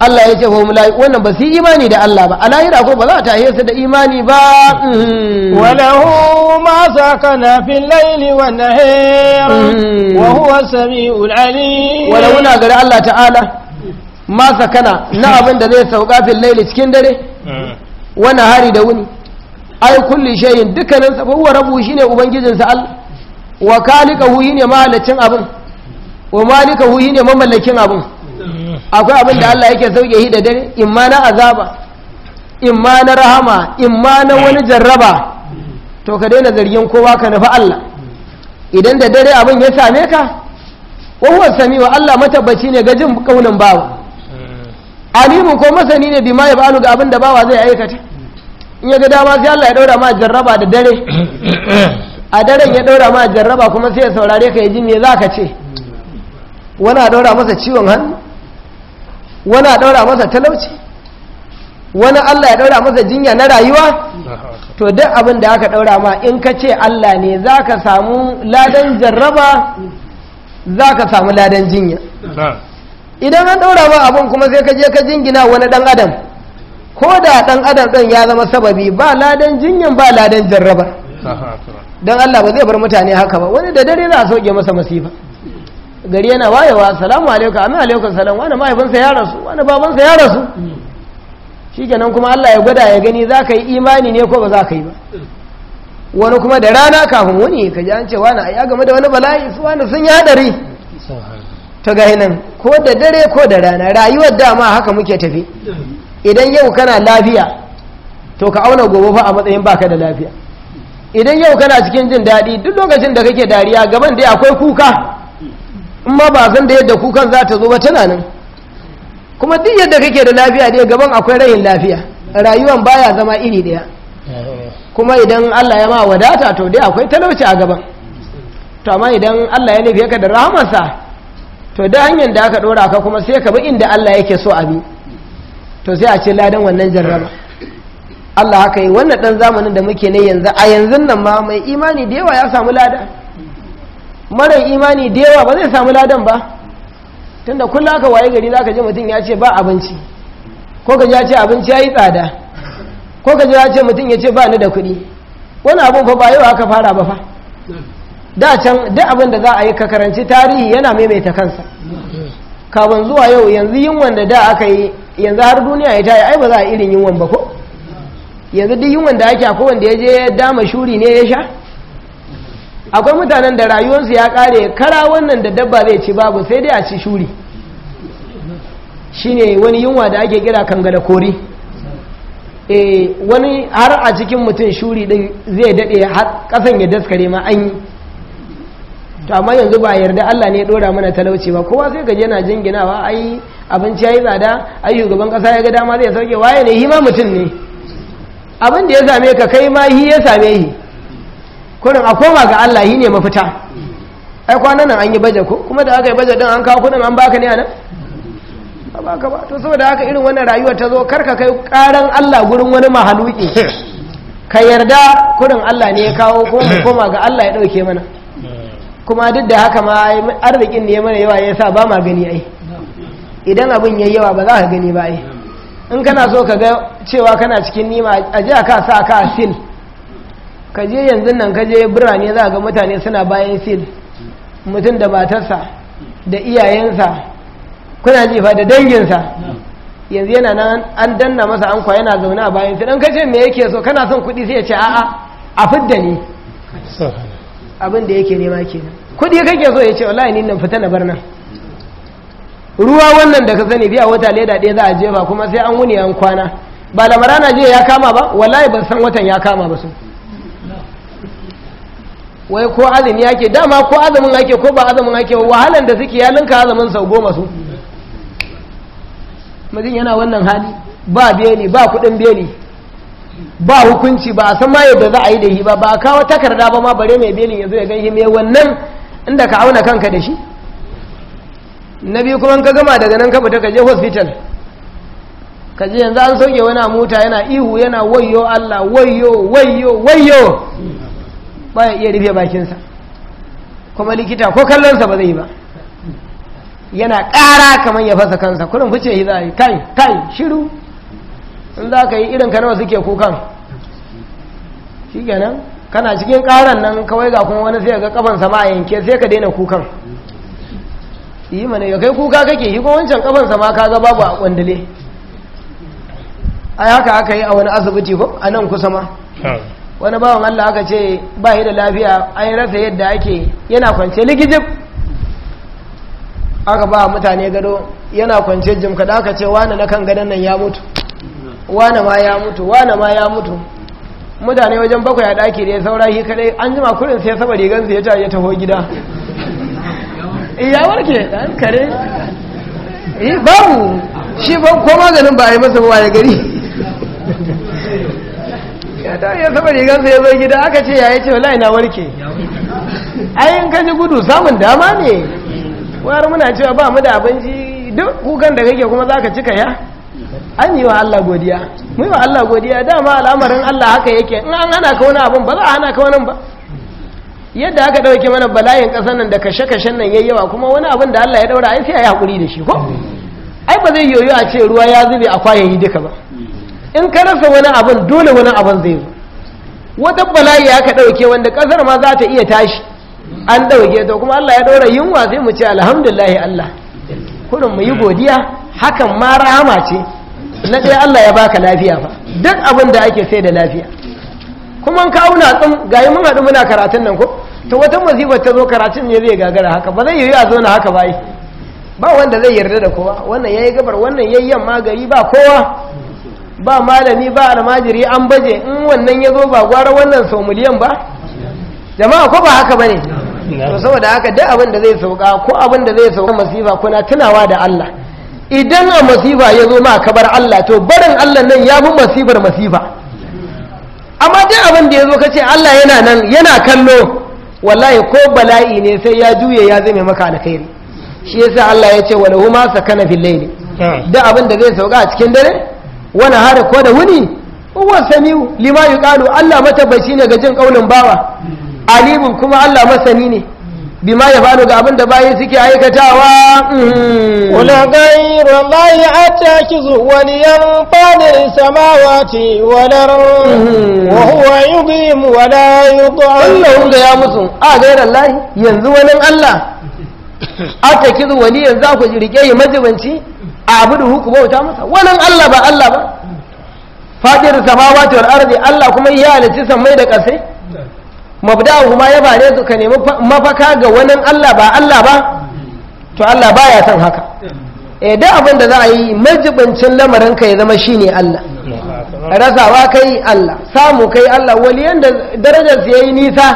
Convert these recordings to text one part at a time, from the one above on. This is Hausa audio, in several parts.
Allah ya ce fa mulai wannan ba su yi imani da Allah ba a lahira ko ba za ta tahiye su da imani ba mm. walahu ma sakana fil laili wan nahar mm. wa huwa samiul alim walau na gari Allah ta'ala ma sakana na abin da zai sauka fil laili cikin dare mm. wani hari da wuni ai kulli shay'in dukkanin sa huwa rabu shine ubangijin sa Allah wa kalikahu ne mahalicin abin wa malikahu ne mamallakin abin akwai abin da Allah yake sauke shi da dare in ma na azaba in na rahama in na wani jarraba to ka daina zargin kowa ka nufi Allah idan da dare abin ya same ka wahuwar sami wa Allah matabbaci ne ga jin kaunin bawa alimun ko masani ne bi ya ba'alu ga abin da bawa zai aikata in ya ga dama sai Allah ya daura ma jarraba da dare a daren ya daura ma jarraba kuma sai ya saurare ka ya ji me za ka ce wani a daura masa ciwon hannu wani a ɗaura masa talauci wani Allah ya ɗaura masa jinya na rayuwa to duk abin da aka ɗaura ma in ka ce Allah ne za ka samu ladan jarraba za ka samu ladan jinya idan an ɗaura ma abin kuma sai ka je ka jingina wani ɗan adam ko da ɗan adam ɗin ya zama sababi ba ladan jinyan ba ladan jarraba don Allah ba zai bar mutane haka ba wani da dare za a sauke masa masifa gari yana wayewa salamu alaikum amin alaikum salam wani mahaifinsa ya rasu wani babansa ya rasu shikenan kuma Allah ya gwada ya gani za ka yi imani ne ko ba za ka yi ba wani kuma da rana kafin wani ka ji an ce wani ya game da wani bala'i su wani sun yi hadari ta nan ko da dare ko da rana rayuwar dama haka muke tafi idan yau kana lafiya to ka auna gobe fa a matsayin baka da lafiya idan yau kana cikin jin daɗi duk lokacin da kake dariya gaban dai akwai kuka in ma ba san da yadda kukan za ta zo ba tana nan kuma duk yadda kake da lafiya dai gaban akwai rayin lafiya rayuwan baya zama iri daya kuma idan Allah ya ma wadata to dai akwai talauci a gaban to amma idan Allah ya nufi ka da rahamarsa to da hanyar da aka dora ka kuma sai ka bi inda Allah yake so a bi to sai a ce ladan wannan jarraba Allah haka yi wannan dan zamanin da muke ne yanzu a yanzu nan ma mai imani da yawa ya samu lada marar imani da yawa ba zai samu ladan ba tunda kullum aka waye gari za ka ji mutum ya ce ba abinci ko ka ya ce abinci ya yi tsada ko ka ya ce mutum ya ce ba ni da kuɗi wani abin fa ba yau aka fara ba fa da can duk abin da za a yi ka karanci tarihi yana maimaita kansa kafin zuwa yau yanzu yunwan da da aka yi yanzu har duniya ya tayi ai ba za a irin yunwan ba ko yanzu duk yunwan da ake akwai wanda ya je dama shuri ne ya sha akwai mutanen da rayuwarsu ya kare kara wannan da dabba zai ci babu sai dai a ci shuri shine wani yunwa da ake kira kangada kori e wani har a cikin mutum shuri din zai dade har kasan ya daskare ma an yi to amma yanzu ba yarda Allah ne ya dora mana talauci ba kowa sai gaje yana jinginawa ai abinci yayi tsada ai shugaban kasa ya ga dama zai sauke waye ne hima mutum ne abin da ya same ka kai ma hi ya same shi Kudin a koma ga Allah yi ne mafita ai kwanan nan an yi baje ko kuma da aka yi baje din an kawo kudin an baka ne a nan ba baka ba to saboda haka irin wannan rayuwar ta zo karka kai karan Allah gurin wani mahaluki ka yarda kurin Allah ne ya kawo ko mu koma ga Allah ya dauke mana kuma duk da haka ma arzikin ne mana yawa yasa ba ma gani ai idan abin yayi yawa ba za ka gani ba ai in kana so ka ga cewa kana cikin nima a ji ka sa ka sil kaje yanzu nan ka je birane za ga mutane suna bayan sil mutum da matarsa da iyayensa kuna jifa da danginsa yanzu yana nan an danna masa an kwa yana zaune a bayan sil an kace me yake so kana son kuɗi sai ya ce a'a a fidda ne. abin da yake nema kenan kuɗi kake so ya ce wallahi ni nan fita na bar nan ruwa wannan da ka sani biya wata leda ɗaya za a jefa kuma sai an wuni an kwana ba lamarana jiya ya kama ba wallahi ban san watan ya kama ba su wai ko azumi ake dama ko azumin ake ko ba azumin ake wahalan da suke ya ninka azumin sau goma su mazin yana wannan hali ba beli ba kudin beli ba hukunci ba a san ma yadda za a yi da shi ba ba kawo takarda ba ma bare mai belin yanzu ya gan shi mai wannan inda ka auna kanka da shi na biyu kuma ka gama daga nan ka fita ka je hospital ka je yanzu an sauke wani mota yana ihu yana wayo allah wayo wayo wayo baya iya rufe bakinsa kuma likita ko kallonsa ba zai ba yana ƙara kamar ya fasa kansa kudin fice shi za yi kai kai shiru in za ka yi irin ka nawa suke kukan shi kenan kana cikin ƙaran nan kawai ga kuma wani sai ga kafan sama a yanke sai ka daina kukan yi mana ya kai kuka kake yi kuma wancan kafan sama ka ga babu a kwandale ai haka aka yi a wani asibiti ko a nan kusa ma wani bawan Allah aka ce ba da lafiya an rasa yadda ake yana kwance likijib aka ba mutane gado yana kwance jim kada aka ce wane na kan gadon nan ya mutu wane ma ya mutu wane ma ya mutu mutane wajen bakwai a ɗaki da ya saura shi kadai an jima kurin sai saba rigansu ya ya taho gida eh, ya warke ɗan kare eh, babu shi ko maganin ba a yi masa ba ya gari ta ya saba rigansa ya zo gida aka ce ya yi ce wala na warke ayin ka ji gudu samun dama ne wayar muna cewa ba mu da abinci duk kukan da kake kuma za ka cika ya an yi wa Allah godiya mu yi wa Allah godiya dama al'amarin Allah haka yake in an hana ka wani abin ba za a hana ka wani ba yadda aka ɗauke mana bala'in ƙasar nan da kashe-kashen nan yayi yawa kuma wani abin da Allah ya daura ai sai a yi hakuri da shi ko ai ba zai yoyo a ce ruwa ya zube a kwayayi duka ba in ka rasa wani abin dole wani abin zai zo wata bala'i ya ka ɗauke wanda ƙasar ma za ta iya tashi an ɗauke to kuma Allah ya ɗora yunwa sai mu ce alhamdulillah Allah kurin mu yi godiya hakan ma rahama ce na ɗaya Allah ya baka lafiya fa duk abin da ake sai da lafiya kuma in kawo na tsim ga mun haɗu muna karatun nan ko to wata musibar ta zo karatun ne zai gagara haka ba zai yi a zo haka ba ba wanda zai yarda da kowa wannan yayi gabar wannan yayi yamma gari ba kowa ba malami ba almajiri an baje in wannan ya zo ba gwara wannan sau miliyan ba jama'a ko ba haka ba ne saboda haka duk abin da zai sauka ko abin da zai sauka masifa kuna tunawa da Allah idan a masifa ya zo ma kabar Allah to barin Allah nan ya fi masifar masifa amma duk abin da ya zo kace Allah yana nan yana kallo wallahi ko bala'i ne sai ya juye ya zame maka alkhairi shi yasa Allah ya ce wa lahu ma sakana fil layli hmm. duk abin da zai sauka a cikin dare wani hara ko da wuni huwa samiu lima yuqalu Allah matabbaci ne ga jin kaulin bawa alimun kuma Allah masani ne bima ya faru ga abin da bayi suke aikatawa wala mm-hmm. ghayra la ya'takizu wal yanfadir samawati wal ardh mm-hmm. wa huwa yuqim wa la yudhal Allah ga ya musu a ghayra la yanzu wani Allah atakizu wali yanzu ku rike yi majibanci a abu da huku bauta masa wannan Allah ba Allah ba fadir samawati wal ardi Allah kuma ya halicci mai da ƙasai mabda'u kuma ya bare su ka nemi mafaka ga wannan Allah ba Allah ba to Allah baya son haka eh da abin da za a yi majibincin lamarin ka ya zama shine Allah rasawa kai Allah samu kai Allah Wali da darajar su yayi nisa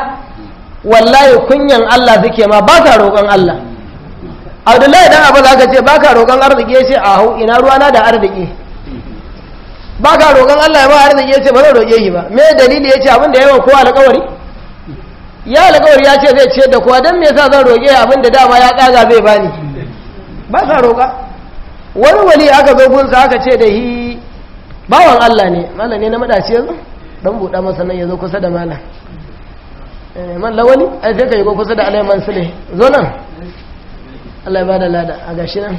wallahi kunyan Allah suke ma ba ta roƙon Allah abdullahi dan za ka ce baka roƙon arziki ya ce a hau ina ruwana da arziki baka roƙon allah ya ba arziki ya ce ba zan roƙe shi ba me dalili ya ce abin da yawan kowa alƙawari ya alƙawari ya ce zai ce da kowa don me yasa zan roƙe abin da dama ya ƙaga zai bani ba sa roƙa wani wali aka zo gunsa aka ce da hi bawan allah ne malam ne na madace yanzu dan buɗa masa nan ya zo kusa da malam eh, man lawali ai sai ka yi kusa da alaiman sule zo nan Allah ya bada lada a gashi nan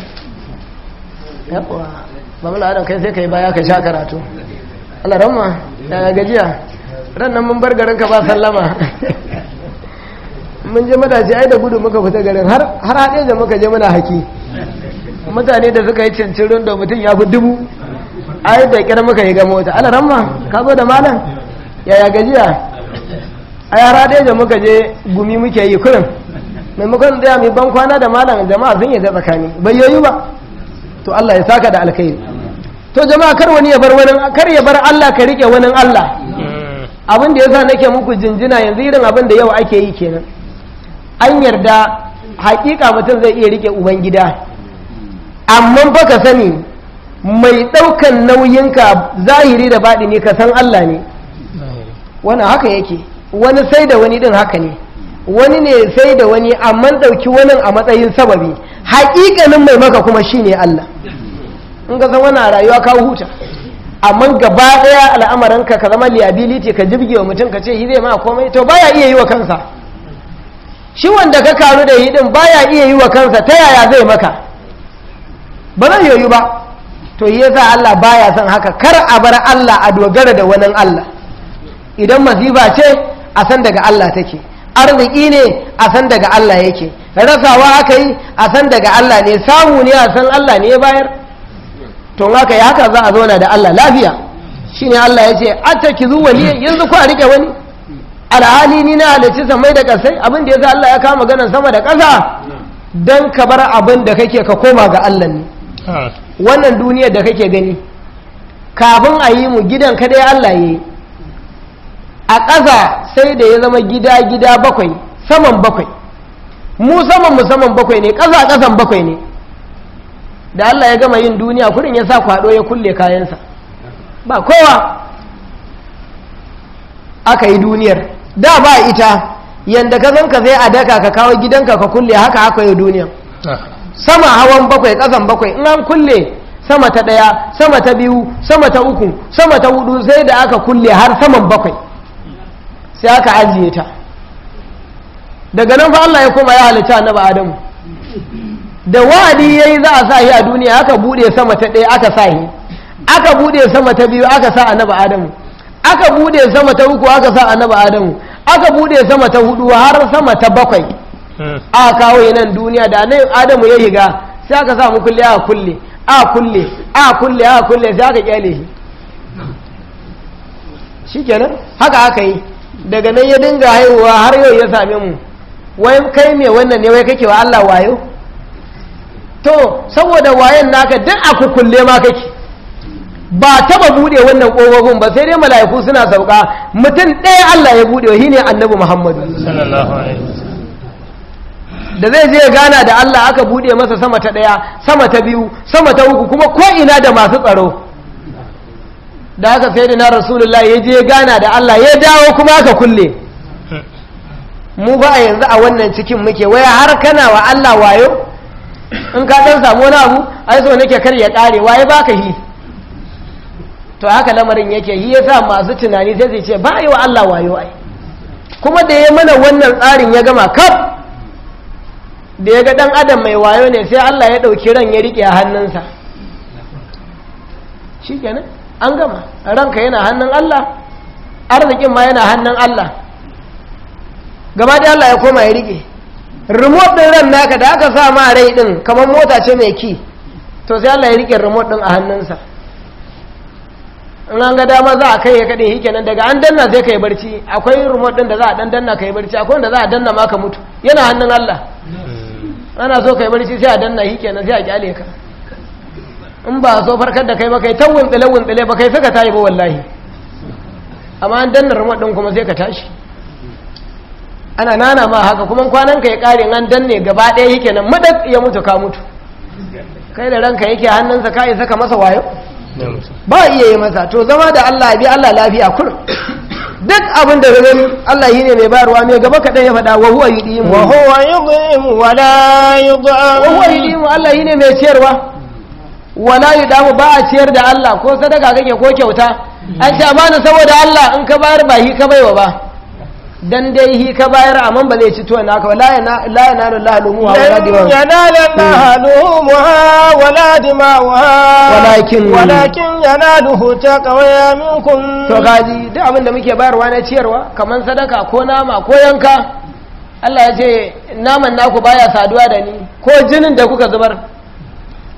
yawa babu ladan kai sai kai baya ka sha karatu Allah ramma ya gajiya ran nan mun bar garin ka ba sallama mun je madaji ai da gudu muka fita garin har har haɗe da muka je muna haki mutane da suka yi cincirin da mutum ya fi dubu ai da kira muka yi ga mota Allah ramma ka zo da malam yaya gajiya ai har haɗe da muka je gumi muke yi kurin maimakon da mai ban kwana da malam jama'a sun yadda tsakani bai yoyu ba to Allah ya saka da alkhairi to jama'a kar wani ya bar wani kar ya bar Allah ka rike wani Allah abin da ya yasa nake muku jinjina yanzu irin abin da yau ake yi kenan an yarda hakika mutum zai iya rike ubangida amma fa ka sani mai daukan nauyinka zahiri da ne ka san Allah ne Wani haka yake wani sai da wani din haka ne wani ne sai da wani amma ɗauki wani a matsayin sababi haƙiƙanin mai maka kuma shi ne Allah in ka zama na rayuwa ka huta amma gaba ɗaya al'amarin ka zama liability ka jirgi wa mutum ka ce yi zai ma komai to baya iya yi wa kansa shi wanda ka karu da yi din baya iya yi wa kansa ta yaya zai maka ba zan yoyu ba to yi yasa Allah baya son haka kar a bar Allah a dogara da wani Allah idan masifa ce a san daga Allah take arziki ne a san daga Allah yake rasawa aka yi a san daga Allah ne samu ne a san Allah ne bayar to haka ya haka za a zauna da Allah lafiya Shin Allah ya ce a ki zuwa ne yanzu ku a rike wani alhali ni na halarci samai da kasai abin da ya sa Allah ya kama ganin sama da ƙasa don ka bar abin da kake ka koma ga Allah ne ah. wannan duniyar da kake gani kafin a yi mu gidan ka dai Allah ya yi a ƙasa sai da ya zama gida-gida bakwai saman bakwai mu saman mu saman bakwai ne ƙasa ƙasan bakwai ne da Allah ya gama yin duniya kurin ya sa kwaɗo ya kulle kayansa ba kowa aka yi duniyar da ba ita yadda ka zanka zai a daka ka kawo gidanka ka kulle haka aka yi duniya sama hawan bakwai ƙasan bakwai in an kulle sama ta ɗaya sama ta biyu sama ta uku sama ta hudu sai da aka kulle har saman bakwai sai aka ajiye ta daga nan fa Allah ya koma ya halitta annabi Adamu da wa'adi yayi za a sa shi a duniya aka bude sama ta ɗaya aka sa shi aka bude sama ta biyu aka sa annabi Adamu aka bude sama ta uku aka sa annabi Adamu aka bude sama ta hudu har sama ta bakwai hmm. a kawo nan duniya da nan Adamu ya higa sai aka sa mu kulle a kulle a kulle a kulle a kulle sai aka kyale shi shikenan haka aka yi daga nan ya dinga haihuwa har yau ya same mu wai kai me wannan ne wai kake wa Allah wayo to saboda wayan naka duk a kukulle ma kake ba taba bude wannan kofofin ba sai dai mala'iku suna sauka mutum ɗaya Allah ya bude shi ne annabi Muhammadu da zai je gana da Allah aka bude masa sama ta ɗaya sama ta biyu sama ta uku kuma ko ina da masu tsaro da haka sai da na rasulullah ya je gana da Allah ya dawo kuma aka kulle mu ba a yanzu a wannan cikin muke waya har kana wa Allah wayo in ka dan samu wani abu ai so nake kar ya kare waye baka hi to haka lamarin yake hi yasa masu tunani sai su ce ba yi wa Allah wayo ai kuma da ya mana wannan tsarin ya gama kaf da ya ga dan adam mai wayo ne sai Allah ya dauki ran ya rike hannunsa shikenan an gama ranka yana hannun Allah arzikin ma yana hannun Allah Gama da Allah ya koma ya rike remote din ran naka da aka sa ma rai din kamar mota ce mai ki to sai Allah ya rike remote din a hannunsa in an ga dama za a kai ya kaɗe shi nan, daga an danna sai ka barci akwai remote din da za a dan danna ka barci akwai wanda za a danna ma ka mutu yana hannun Allah hmm. ana so ka barci sai a danna shi nan sai a kyale ka in ba so farkar da kai ba kai tawun tsile wun tsile ba kai saka tayi ba wallahi amma an danna rumar din kuma sai ka tashi ana nana ma haka kuma kwanan ka ya kare an danne gaba ɗaya yake nan madad ya mutu ka mutu kai da ranka yake hannunsa ka yi saka masa wayo ba iya yi masa to zama da Allah bi Allah lafiya kur duk abin da zai Allah yi ne mai bayarwa mai gaba kaɗan ya faɗa wa huwa yi wa huwa yi wa la yi wa Allah yi ne mai ciyarwa wala damu ba a ciyar da Allah ko sadaka kake ko kyauta an ce amana saboda Allah in ka bayar ba hi ka baiwa ba dan dai hi ka bayar amma ba zai ci tuwon naka ba la yanalu Allah lumuha wala dima'uha yanalu Allah hmm. lumuha wala wa walakin walakin ta taqwa minkum to gaji duk abin da muke bayarwa na ciyarwa kaman sadaka ko nama ko yanka Allah ya ce naman naku baya saduwa da ni ko jinin da kuka zubar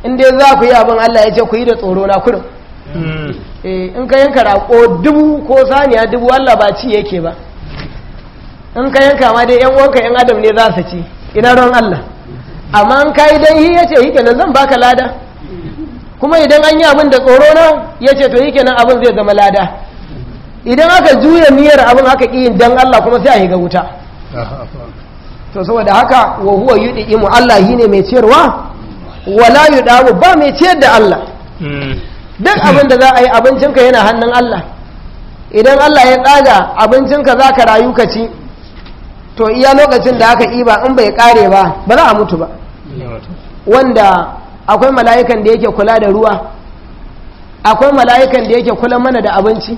in dai za ku yi abin Allah ya ce ku yi da tsoro na hmm. eh, in ka yanka raƙo dubu ko saniya dubu Allah ba ci yake ba in ka yanka ma dai yan uwanka yan adam ne za su ci ina ran Allah amma in ka yi dan ya ce hike zan baka lada kuma idan an yi abin da tsoro na yace to hike nan abin zai zama lada idan aka juya niyyar abin aka ƙi dan Allah kuma sai a yi ga wuta to saboda haka wa huwa mu Allah ne mai ciyarwa wala yudamu ba mai ciyar da Allah hmm. duk abin da za a yi abincinka yana hannun Allah idan Allah ya ɗaga abincinka za ka rayu ka ci to iya lokacin da aka iba in bai kare ba ba za a mutu ba wanda akwai mala'ikan da yake kula da ruwa akwai mala'ikan da yake kula mana da abinci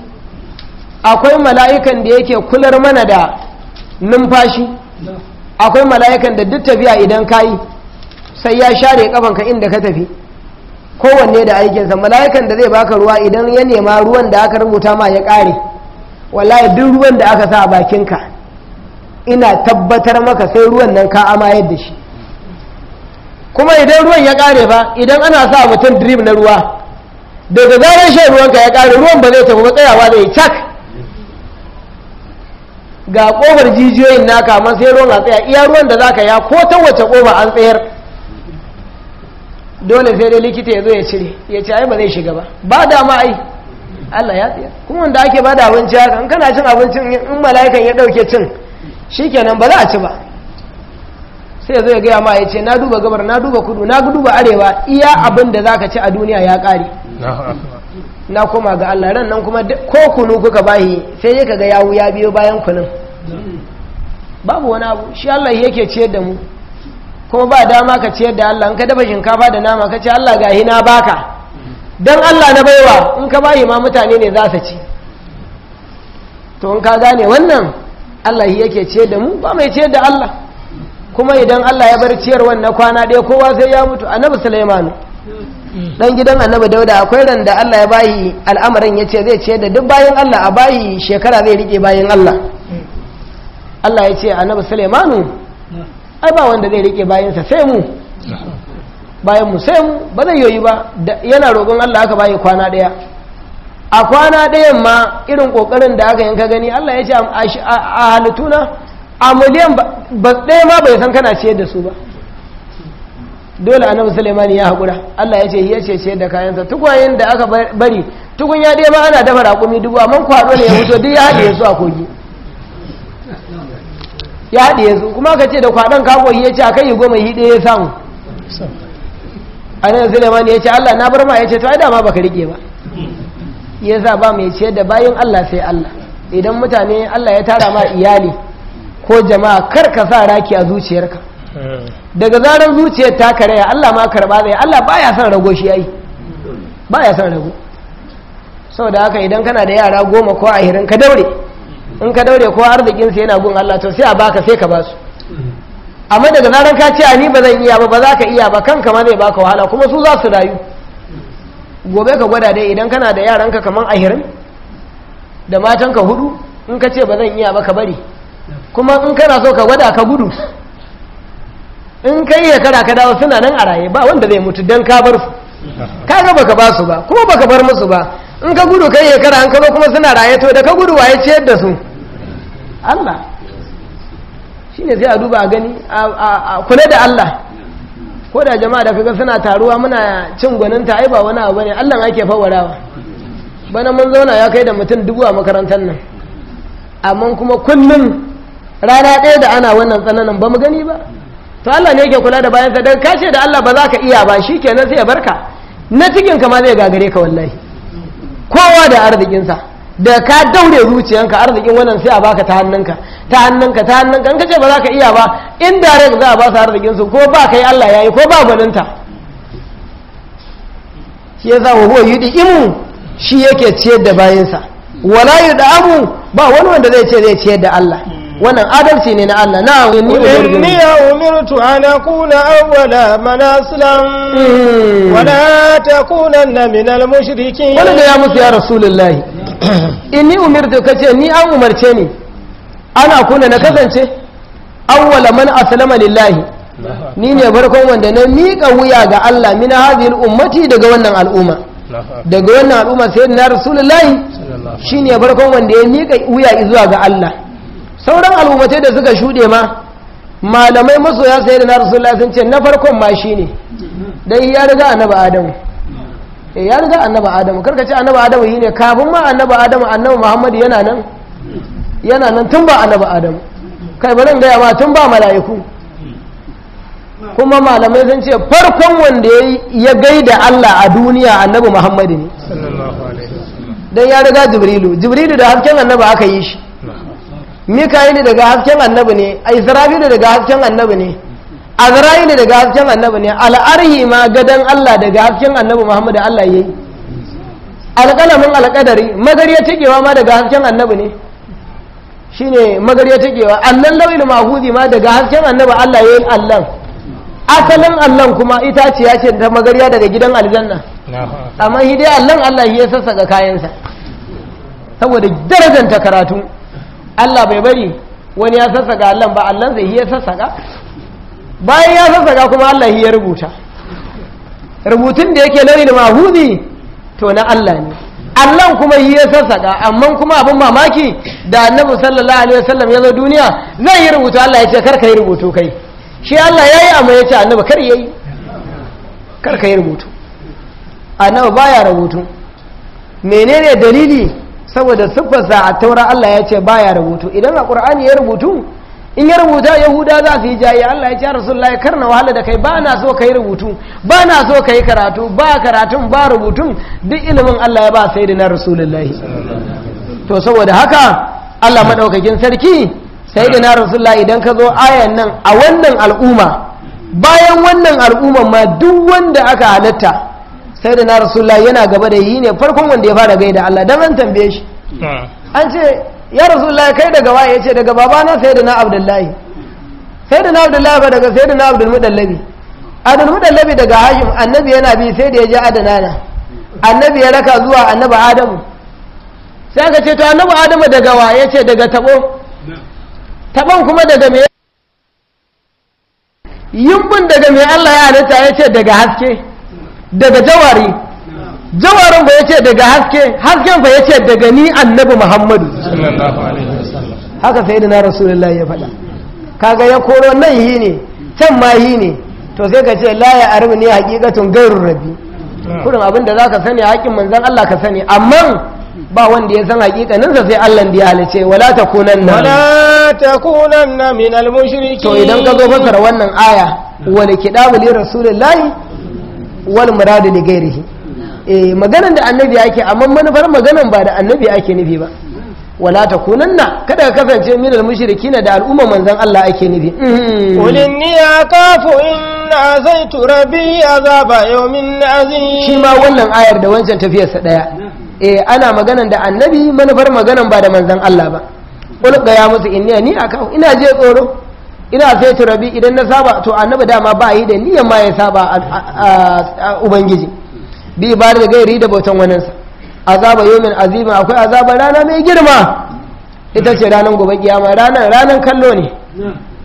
akwai mala'ikan da yake kular mana da numfashi akwai mala'ikan da duk tafiya idan kayi sai ya share kafanka inda ka tafi kowanne da aikinsa mala'ikan da zai baka ruwa idan ya nema ruwan da aka rubuta ma ya kare wallahi duk ruwan da aka sa a bakinka ina tabbatar maka sai ruwan nan ka amayar da shi kuma idan ruwan ya kare ba idan ana sa mutum drip na ruwa daga zarar shan ruwanka ya kare ruwan ba zai tafi ba tsayawa zai cak ga ƙofar jijiyoyin naka amma sai ruwan a tsaya iya ruwan da zaka ya ko ta wace ƙofa an tsayar dole sai dai likita ya zo ya cire ya ce ai ba zai shiga ba ba ma ai Allah ya tsaya kuma wanda ake ba da abinci haka in kana cin abincin in mala'ikan ya dauke cin shikenan ba za a ci ba sai ya zo ya gaya ma ya ce na duba gabar na duba kudu na duba arewa iya abin da zaka ci a duniya ya kare na koma ga Allah ran nan kuma ko kunu kuka bahi sai dai kaga yawu ya biyo bayan kunun babu wani abu shi Allah yake ciyar da mu Kuma ba dama ka ciyar da Allah in ka dafa shinkafa da nama ka ci Allah gahi na baka don Allah na baiwa in ka bayi ma mutane ne za su ci to in ka gane wannan Allah yake ciyar da mu ba mai ciyar da Allah kuma idan Allah ya bar ciyar na kwana ɗaya kowa sai ya mutu annabi Sulaimanu dan gidan annabi dauda akwai ran da Allah ya bayi al'amarin ya ce zai ce da duk bayan Allah a bayi shekara zai rike bayan Allah Allah ya ce annabi Sulaimanu ai ba wanda zai rike bayansa sai mu bayan mu sai mu ba zai yoyi ba yana roƙon Allah aka bayi kwana ɗaya a kwana ɗayan ma irin ƙoƙarin da aka yanka gani Allah ya ce a halittuna a miliyan ba ɗaya ma bai san kana ciyar da su ba dole a nan sulaimani ya haƙura Allah ya ce ya ce ciyar da kayansa tukwayen da aka bari tukun ya ɗaya ma ana dafa raƙumi dubu amma kwado ne ya mutu duk ya haɗe su a kogi ya haɗe su kuma ka ce da kwaɗon kago ya ce a kan yi goma yi ɗaya ya samu a nan ya ce allah na bar ma ya ce to dama baka riƙe ba ya sa ba mai ciyar da bayan allah sai allah idan mutane allah ya tara ma iyali ko jama'a kar ka sa raki a zuciyarka daga zarar zuciyar ta karaya allah ma karɓa zai allah baya son rago shi yayi baya son rago saboda haka idan kana da yara goma ko ahirin ka daure in ka daure ko arzikin sai yana gun Allah to sai a baka sai ka basu amma daga zaran ka ce ni ba zan iya ba ba za ka iya ba kanka ma zai baka wahala kuma su za su rayu gobe ka gwada dai idan kana da yaranka kaman ahirin da matanka hudu in ka ce ba zan iya ba ka bari kuma in kana so ka gwada ka gudu in kai shekara ka dawo suna nan a raye ba wanda zai mutu dan ka bar su ka ga baka ba su ba kuma baka bar musu ba in ka gudu kai shekara an ka zo kuma suna raye to da ka gudu waye ciyar da su Allah shi ne sai a duba gani a kula da Allah ko da jama'a da ga suna taruwa muna cin gwaninta ai ba wani abu ne Allah ake fawarawa bana mun zauna ya kai da mutum dubu a makarantar nan amma kuma kullum rana ɗaya da ana wannan tsananin ba mu gani ba to Allah ne yake kula da bayan sa ka ce da Allah ba za ka iya ba shi nan sai ya barka na cikin ka ma zai gagare ka wallahi kowa da arzikinsa da ka daure zuciyanka arzikin wannan sai a baka ta hannunka ta hannunka ta hannunka in kace ba za ka iya ba in direct za a ba su arzikin su ko ba kai Allah yayi ko ba gwaninta shi yasa wa huwa imu shi yake ciyar da sa wala yud'amu ba wani wanda zai ce zai ciyar da Allah wannan adalci ne na Allah na wani ni ya umirtu an akuna awwala man aslam hmm. wala takuna min al mushrikin wala ya musu ya rasulullahi In ni inni ka kace ni an umarce ni ana kuna na kasance awwala man aslama lillahi ni ne barkon wanda na miƙa wuya ga Allah min hadhihi ummati daga wannan al'umma daga wannan al'umma sayyidina rasulullahi shine barkon wanda ya miƙa wuya zuwa ga Allah sauran al'ummatai da suka shuɗe ma malamai masoya na rasulullahi sun ce na farkon ma shine dan ya riga annabi adamu Eh, ya riga annaba adamu karka ce annaba adamu yi ne kafin ma annaba adamu annaba muhammadu yana nan yana nan tun ba annaba adamu kai bari gaya ma tun ba mala'iku kuma malamai sun ce farkon wanda ya gai da Allah a duniya annaba muhammadu ne don ya riga jibrilu jibrilu da hasken annaba aka yi shi yi daga hasken annaba ne isra'ilu daga hasken annaba ne ne daga hasken annabi ne al'arhi ma gadon Allah daga hasken annabi Muhammad Allah ya yi alƙalamin alƙadari ya takewa ma daga hasken annabi ne shine ya takewa allan lauyin mahuzi ma daga hasken annabi Allah ya yi allan asalin allan kuma ita ce ta magariya daga gidan aljanna amma shi dai allan Allah ya sassaka kayansa saboda darajanta karatu Allah bai bari wani ya sassaka allan ba allan zai ya sassaka bayan ya sassaka kuma Allah ya rubuta rubutun da yake lauyi da mahudi to na Allah ne Allah kuma yi ya sassaka amma kuma abin mamaki da annabi sallallahu alaihi wasallam ya zo duniya zai yi rubutu Allah ya ce kar yi rubutu kai shi Allah ya yi amma ya ce annabi kar yi kar yi rubutu annabi baya rubutu menene dalili saboda siffarsa a taura Allah ya ce baya rubutu idan a ƙur'ani ya rubutu in ya rubuta yahuda za su yi jayi Allah ya ce rasulullahi kar na wahala da kai ba na so yi rubutu ba na so yi karatu ba karatun ba rubutun duk ilimin Allah ya ba sai da na rasulullahi to saboda haka Allah maɗaukakin sarki sai da na rasulullahi idan ka zo ayan nan a wannan al'umma bayan wannan al'umma ma duk wanda aka halatta sai da na rasulullahi yana gaba da yi ne farkon wanda ya fara gaida Allah dan an tambaye shi hmm. an ce ya rasulullahi kai daga waye ya ce daga babana na abdullahi na abdullahi ba daga sayyidina da mudallabi abdul mudallabi daga hajjim annabi yana bi sai da ya ji na annabi ya raka zuwa annabi adamu sai aka ce to annabi adamu daga waye ce daga tabo taban kuma daga me yimbin daga me Allah ya halitta ce daga haske daga jawari jawarin ba yace daga haske hasken ba yace daga ni annabi muhammadu haka sai da rasulullahi ya faɗa kaga ya koro nan yi ne can ma yi ne to sai ka ce la ya ne hakikatun gairun rabi kurin abin da za ka sani hakin manzan Allah ka sani amma ba wanda ya san hakikaninsa sai Allah da ya halice wala takunanna wala takunanna min almushriki to idan ka zo fasar wannan aya wani kidabul rasulullahi wal muradu li ghairihi Eh, maganan da annabi ake amma manufar maganan ba da annabi ake nufi ba wala ta takunanna kada ka kasance min al-mushrikin da al'umma manzon Allah ake nufi mm-hmm. qul inni akafu in azaitu rabbi azaba yawmin azim shi ma wannan ayar da wancan tafiyar sa daya eh ana maganan da annabi manufar maganan ba da manzon Allah ba qul ya musu inni ni akafu ina je tsoro ina zaitu rabi idan na saba to annabi dama ba yi da niyyar ma ya saba ubangiji bi ba da gairi da bautan waninsa azaba yomin azima akwai azaba rana mai girma ita ce ranar gobe kiyama ranar ranar kallo ne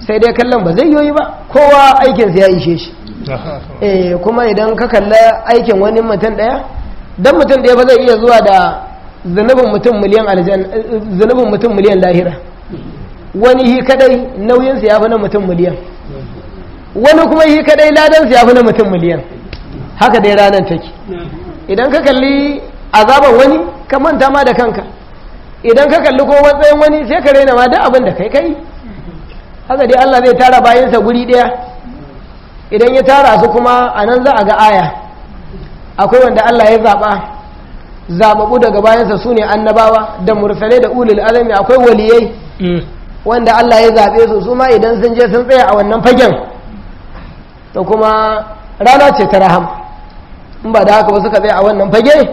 sai dai kallon ba zai yoyi ba kowa aikinsa ya ishe shi eh kuma idan ka kalla aikin wani mutum daya dan mutum daya ba zai iya zuwa da zunubin mutum miliyan aljan zunubin mutum miliyan lahira wani hi kadai nauyin sa fi na mutum miliyan wani kuma hi kadai ladan sa fi na mutum miliyan haka dai ranar take idan ka kalli azaban wani ka manta ma da kanka idan ka kalli ko matsayin wani sai ka raina ma duk abin da kai kai haka dai Allah zai tara bayansa guri ɗaya idan ya tara su kuma a nan za a ga aya akwai wanda Allah ya zaɓa zaɓaɓu daga bayansa su ne annabawa da mursalai da ulul azami akwai waliyai wanda Allah ya zaɓe su su ma idan sun je sun tsaya a wannan fagen to kuma rana ce ta rahama in ba da haka ba suka tsaye a wannan fage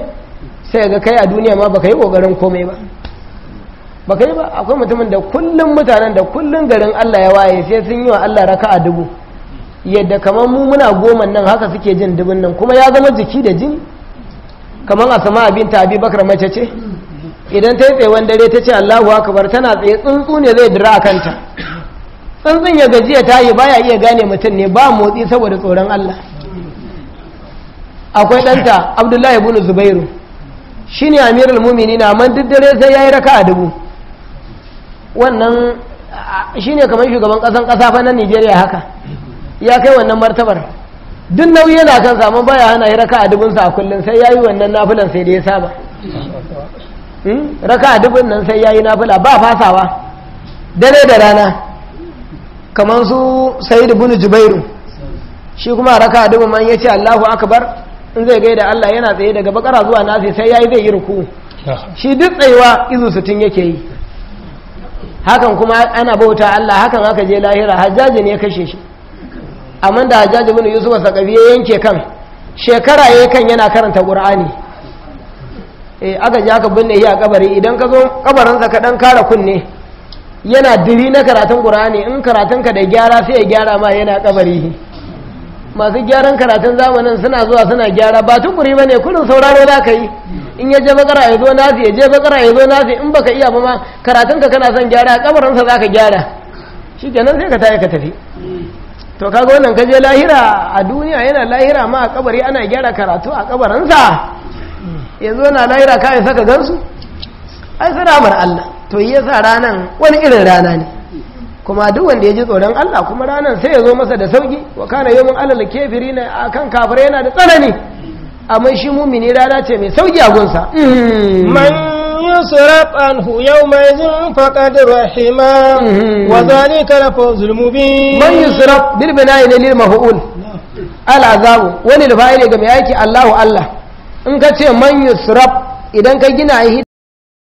sai ga kai a duniya ma baka yi kokarin komai ba baka yi ba akwai mutumin da kullum mutanen da kullum garin Allah ya waye sai sun yi wa Allah a dubu yadda kamar mu muna goma nan haka suke jin dubun nan kuma ya zama jiki da jini kamar a sama abin ta abi bakar mace ce idan ta yi tsewan dare ta ce Allahu akbar tana tsaye tsuntsu ne zai dira a kanta tsuntsun ya gajiya ta yi baya iya gane mutum ne ba motsi saboda tsoron Allah akwai ɗanta abdullahi ibn zubairu shine amirul mu'minin amma duk dare sai ya yi raka a dubu wannan shine kamar shugaban ƙasan ƙasa fa na Nigeria haka ya kai wannan martabar duk nauyi yana kan samu baya hana yi raka a dubun sa kullum sai ya yi wannan nafilan sai da ya saba hmm? a dubun nan sai ya yi nafila ba fasawa dare da rana kamar su Sayyid ibn Jubairu shi kuma raka a dubun man ya ce Allahu akbar in zai gaida Allah yana tsaye daga bakara zuwa nasi sai yayi zai yi ruku shi duk tsayuwa izu sutun yake yi hakan kuma ana bauta Allah hakan aka je lahira hajjaji ne ya kashe shi amma da hajjaji bin yusuf sakabi ya yanke kan shekara ya kan yana karanta qur'ani eh aka je aka binne yi a kabari idan ka zo kabarinsa ka dan kara kunne yana diri na karatun qur'ani in karatunka da gyara sai ya gyara ma yana kabari masu gyaran karatun zamanin suna zuwa suna gyara ba tukuri ba ne kullum sauraro za ka yi in ya je bakara ya zo nasi ya je bakara ya zo nasi in baka iya ba ma karatun ka kana son gyara kabarinsa za ka gyara shi kenan sai ka tayi ka tafi to kaga wannan ka je lahira a duniya yana lahira ma a kabari ana gyara karatu a kabarinsa yanzu na lahira ka isa ka gansu ai suna Allah to yi yasa ranan wani irin rana ne kuma duk wanda ya ji tsoron Allah kuma ranar sai ya zo masa da sauki wa kana yawan alal kafiri na akan kafirai yana da tsanani amma shi mumini rana ce mai sauki a gunsa hmm. man yusraf anhu yawmaizin faqad rahima hmm. wa zalika fawzul mubin man yusraf bil bina'i lil maf'ul al azabu wani lafa'ile ga mai aiki Allahu Allah in ka ce man yusraf idan ka gina